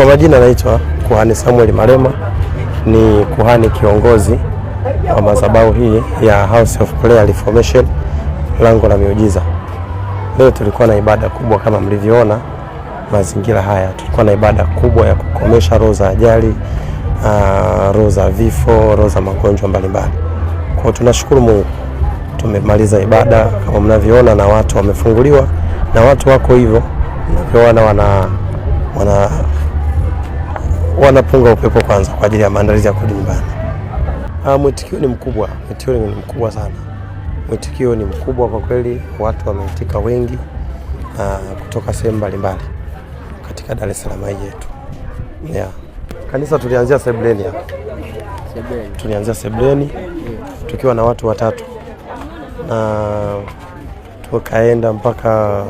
Kwa majina naitwa Kuhani Samuel Malema, ni kuhani kiongozi wa madhabahu hii ya House of Prayer Reformation lango la miujiza. Leo tulikuwa na ibada kubwa kama mlivyoona mazingira haya, tulikuwa na ibada kubwa ya kukomesha roho za ajali, ah, roho za vifo, roho za magonjwa mbalimbali. Kwa hiyo tunashukuru Mungu, tumemaliza ibada kama mnavyoona, na watu wamefunguliwa na watu wako hivyo mnavyoona wana, wana wanapunga upepo kwanza kwa ajili ya maandalizi ya kurudi nyumbani. Ah, mwitikio ni mkubwa, mwitikio ni mkubwa sana, mwitikio ni mkubwa kwa kweli, watu wameitika wengi na kutoka sehemu mbalimbali katika Dar es Salaam hii yetu yeah. Kanisa tulianzia sebleni hapa, tulianzia sebleni tukiwa na watu watatu na tukaenda mpaka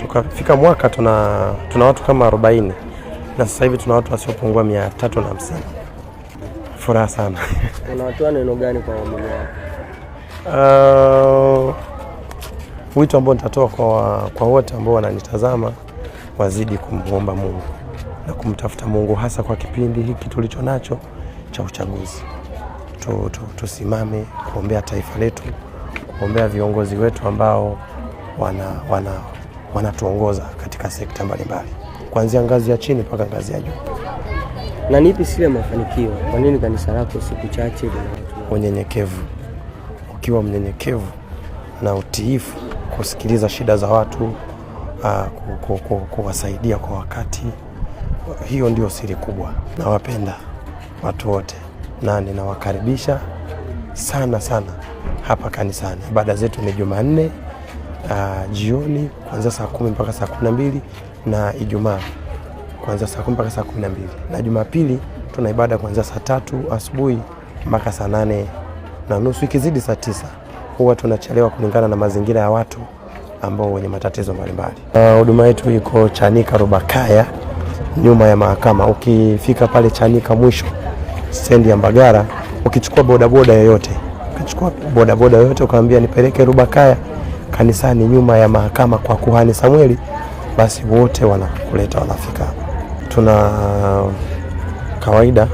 tukafika mwaka tuna, tuna watu kama arobaini na sasa hivi tuna watu wasiopungua mia tatu na hamsini. Furaha sana. Unawatoa neno gani kwa waumini wako? Uh, wito ambao nitatoa kwa, kwa wote ambao wananitazama wazidi kumwomba Mungu na kumtafuta Mungu hasa kwa kipindi hiki tulicho nacho cha uchaguzi. Tusimame kuombea taifa letu, kuombea viongozi wetu ambao wanatuongoza wana, wana katika sekta mbalimbali kuanzia ngazi ya chini mpaka ngazi ya juu. Na nipi siri ya mafanikio? Kwa nini kanisa lako siku chache unyenyekevu? Ukiwa mnyenyekevu na utiifu, kusikiliza shida za watu, ah, kuwasaidia kwa wakati, hiyo ndio siri kubwa. Nawapenda watu wote na ninawakaribisha sana sana hapa kanisani. Ibada zetu ni Jumanne uh, jioni kuanzia saa kumi mpaka saa kumi na mbili na Ijumaa kuanzia saa kumi mpaka saa kumi na mbili na Jumapili tuna ibada kuanzia saa tatu asubuhi mpaka saa nane na nusu, ikizidi saa tisa huwa tunachelewa kulingana na mazingira ya watu ambao wenye matatizo mbalimbali. Ah, huduma uh, yetu iko Chanika Rubakaya, nyuma ya mahakama. Ukifika pale Chanika mwisho stendi ya Mbagara, ukichukua bodaboda yoyote ukichukua bodaboda yoyote ukaambia nipeleke Rubakaya kanisani nyuma ya mahakama kwa kuhani Samueli, basi wote wanakuleta wanafika. Tuna kawaida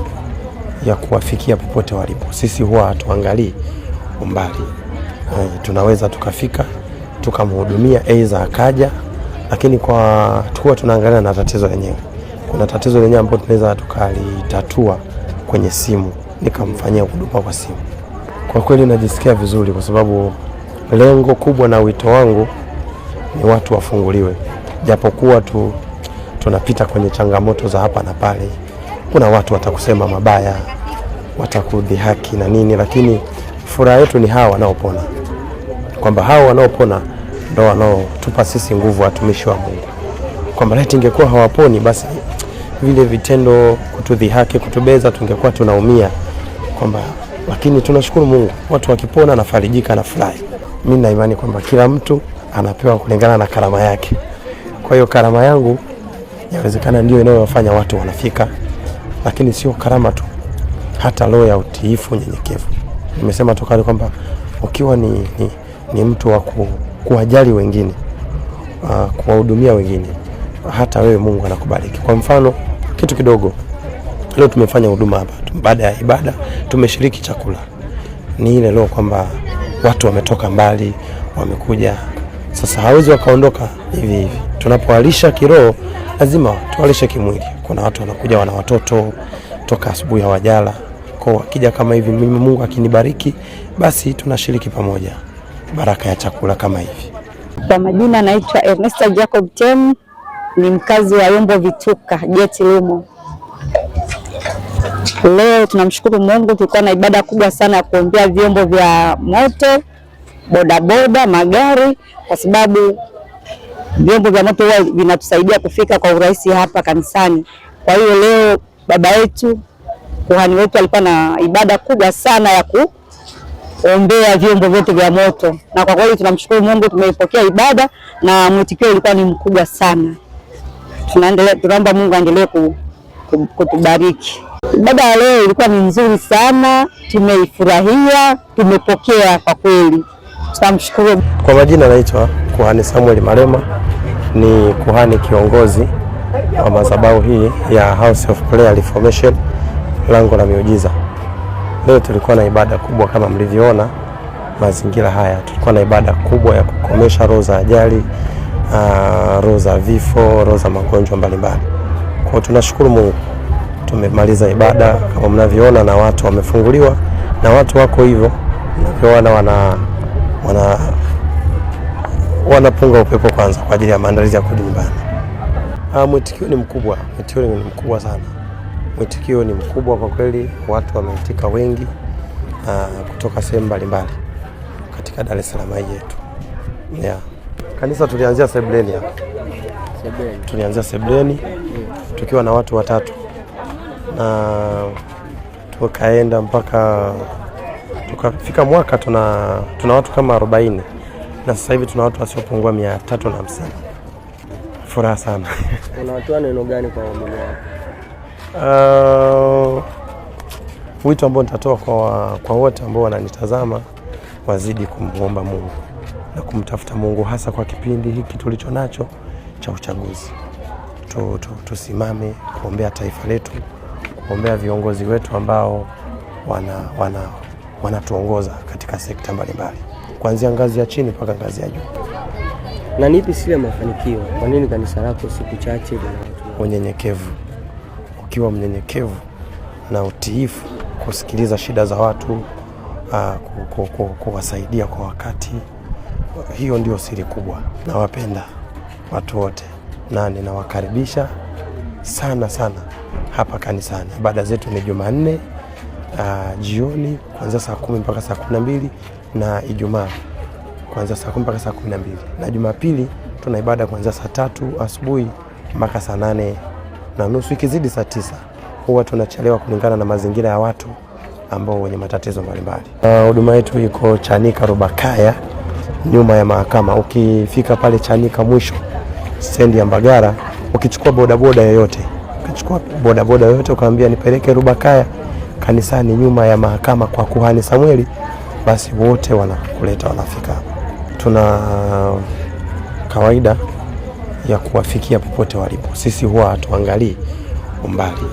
ya kuwafikia popote walipo. Sisi huwa hatuangalii umbali, eh, tunaweza tukafika tukamhudumia, aidha akaja, lakini kwa tukuwa tunaangalia na tatizo lenyewe. Kuna tatizo lenyewe ambalo tunaweza tukalitatua kwenye simu, nikamfanyia huduma kwa simu. Kwa kweli najisikia vizuri kwa sababu Lengo kubwa na wito wangu ni watu wafunguliwe, japokuwa tu tunapita kwenye changamoto za hapa na pale. Kuna watu watakusema mabaya, watakudhihaki na nini, lakini furaha yetu ni hawa wanaopona, kwamba hawa wanaopona ndo wanaotupa sisi nguvu, watumishi wa Mungu, kwamba laiti ingekuwa hawaponi basi vile vitendo kutudhihaki, kutubeza, tungekuwa tunaumia kwamba, lakini tunashukuru Mungu, watu wakipona nafarijika na furahi mimi na imani kwamba kila mtu anapewa kulingana na karama yake. Kwa hiyo karama yangu inawezekana ndio inayowafanya watu wanafika, lakini sio karama tu, hata roho ya utiifu, nyenyekevu. Nimesema tokali kwamba ukiwa ni, ni, ni mtu wa kuwajali wengine, uh, kuwahudumia wengine, hata wewe Mungu anakubariki. Kwa mfano kitu kidogo, leo tumefanya huduma hapa, baada ya ibada tumeshiriki chakula, ni ile roho kwamba watu wametoka mbali, wamekuja sasa, hawezi wakaondoka hivi hivi. Tunapowalisha kiroho, lazima tuwalishe kimwili. Kuna watu wanakuja wana watoto toka asubuhi hawajala, kwa wakija kama hivi, mimi Mungu akinibariki, basi tunashiriki pamoja baraka ya chakula kama hivi. Kwa majina naitwa Ernesta Jacob tem ni mkazi wa Yombo Vituka, Jeti Lumo. Leo tunamshukuru Mungu, tulikuwa na ibada kubwa sana ya kuombea vyombo vya moto, bodaboda, magari, kwa sababu vyombo vya moto huwa vinatusaidia kufika kwa urahisi hapa kanisani. Kwa hiyo leo baba yetu kuhani wetu alikuwa na ibada kubwa sana ya kuombea vyombo vyote vya moto, na kwa kweli tunamshukuru Mungu, tumeipokea ibada na mwitikio ulikuwa ni mkubwa sana. Tunaendelea, tunaomba Mungu aendelee kutubariki. Ibada ya leo ilikuwa ni nzuri sana, tumeifurahia, tumepokea kwa kweli, tunamshukuru. Kwa majina naitwa Kuhani Samuel Malema, ni kuhani kiongozi wa madhabahu hii ya House of Prayer Reformation lango la miujiza. Leo tulikuwa na ibada kubwa kama mlivyoona mazingira haya, tulikuwa na ibada kubwa ya kukomesha roho za ajali, ah, roho za vifo, roho za magonjwa mbalimbali. Kwa tunashukuru Mungu tumemaliza ibada kama mnavyoona, na watu wamefunguliwa na watu wako hivyo mnavyoona, wana wana wanapunga upepo kwanza kwa ajili ya maandalizi ya kurudi nyumbani. Ah, mwitikio ni mkubwa, mwitikio ni mkubwa sana, mwitikio ni mkubwa kwa kweli, watu wameitika wengi Uh, kutoka sehemu mbalimbali katika Dar es Salaam hii yetu. Yeah. Kanisa tulianzia Sebleni hapa. Tulianzia Sebleni tukiwa na watu watatu na tukaenda mpaka tukafika mwaka tuna, tuna watu kama 40 na sasa hivi tuna watu wasiopungua mia tatu na hamsini. Furaha sana. Unatoa neno gani kwa waumini wako? Uh, wito ambao nitatoa kwa, kwa wote ambao wananitazama wazidi kumwomba Mungu na kumtafuta Mungu hasa kwa kipindi hiki tulicho nacho cha uchaguzi. Tusimame tu, tu kuombea taifa letu kuombea viongozi wetu ambao wanatuongoza wana, wana katika sekta mbalimbali kuanzia ngazi ya chini mpaka ngazi ya juu. Na nipi siri ya mafanikio? Kwa nini kanisa lako siku chache? Unyenyekevu. Ukiwa mnyenyekevu na utiifu, kusikiliza shida za watu, ah, kuwasaidia kwa wakati, hiyo ndio siri kubwa. Nawapenda watu wote na ninawakaribisha sana sana hapa kanisani. Ibada zetu ni Jumanne uh, jioni kuanzia saa kumi mpaka saa kumi na mbili na Ijumaa kuanzia saa kumi mpaka saa kumi na mbili na Jumapili tuna ibada kuanzia saa tatu asubuhi mpaka saa nane na nusu, ikizidi saa tisa huwa tunachelewa kulingana na mazingira ya watu ambao wenye matatizo mbalimbali. Ah, huduma uh, yetu iko Chanika Rubakaya, nyuma ya mahakama. Ukifika pale Chanika mwisho stendi ya Mbagara, ukichukua bodaboda yoyote Ukachukua bodaboda yoyote ukamwambia nipeleke Rubakaya kanisani nyuma ya mahakama kwa kuhani Samweli, basi wote wanakuleta wanafika. Tuna kawaida ya kuwafikia popote walipo. Sisi huwa hatuangalii umbali,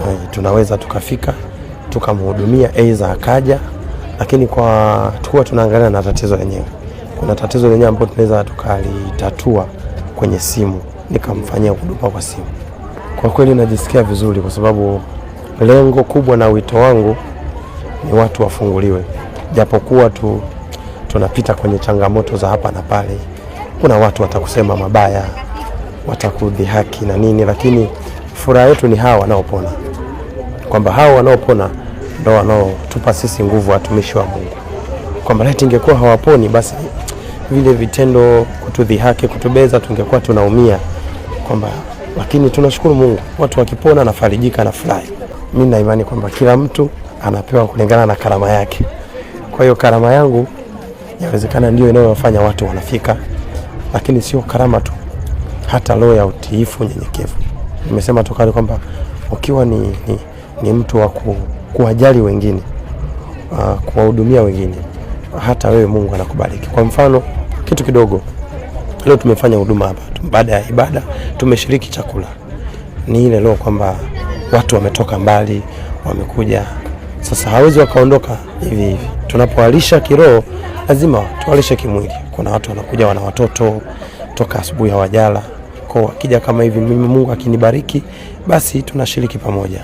eh, tunaweza tukafika tukamhudumia, aidha akaja, lakini kwa tuwa tunaangalia na tatizo lenyewe. Kuna tatizo lenyewe ambalo tunaweza tukalitatua kwenye simu, nikamfanyia huduma kwa simu. Kwa kweli najisikia vizuri kwa sababu lengo kubwa na wito wangu ni watu wafunguliwe, japokuwa tu tunapita kwenye changamoto za hapa na pale. Kuna watu watakusema mabaya, watakudhi haki na nini, lakini furaha yetu ni hawa wanaopona, kwamba hawa wanaopona ndo wanaotupa sisi nguvu, watumishi wa Mungu, kwamba laiti ingekuwa hawaponi basi vile vitendo, haki, kutubeza, tungekuwa tunaumia kwamba lakini tunashukuru Mungu, watu wakipona anafarijika na furahi. Mimi na imani kwamba kila mtu anapewa kulingana na karama yake. Kwa hiyo karama yangu yawezekana ndio inayowafanya watu wanafika, lakini sio karama tu, hata roho ya utiifu, unyenyekevu. Nimesema tokali kwamba ukiwa ni, ni, ni mtu wa kuwajali wengine, uh, kuwahudumia wengine, hata wewe Mungu anakubariki. Kwa mfano kitu kidogo Leo tumefanya huduma hapa, baada ya ibada tumeshiriki chakula. Ni ile leo kwamba watu wametoka mbali, wamekuja sasa, hawezi wakaondoka hivi hivi. Tunapowalisha kiroho, lazima tuwalishe kimwili. Kuna watu wanakuja, wana watoto toka asubuhi hawajala kwa, wakija kama hivi, mimi Mungu akinibariki, basi tunashiriki pamoja.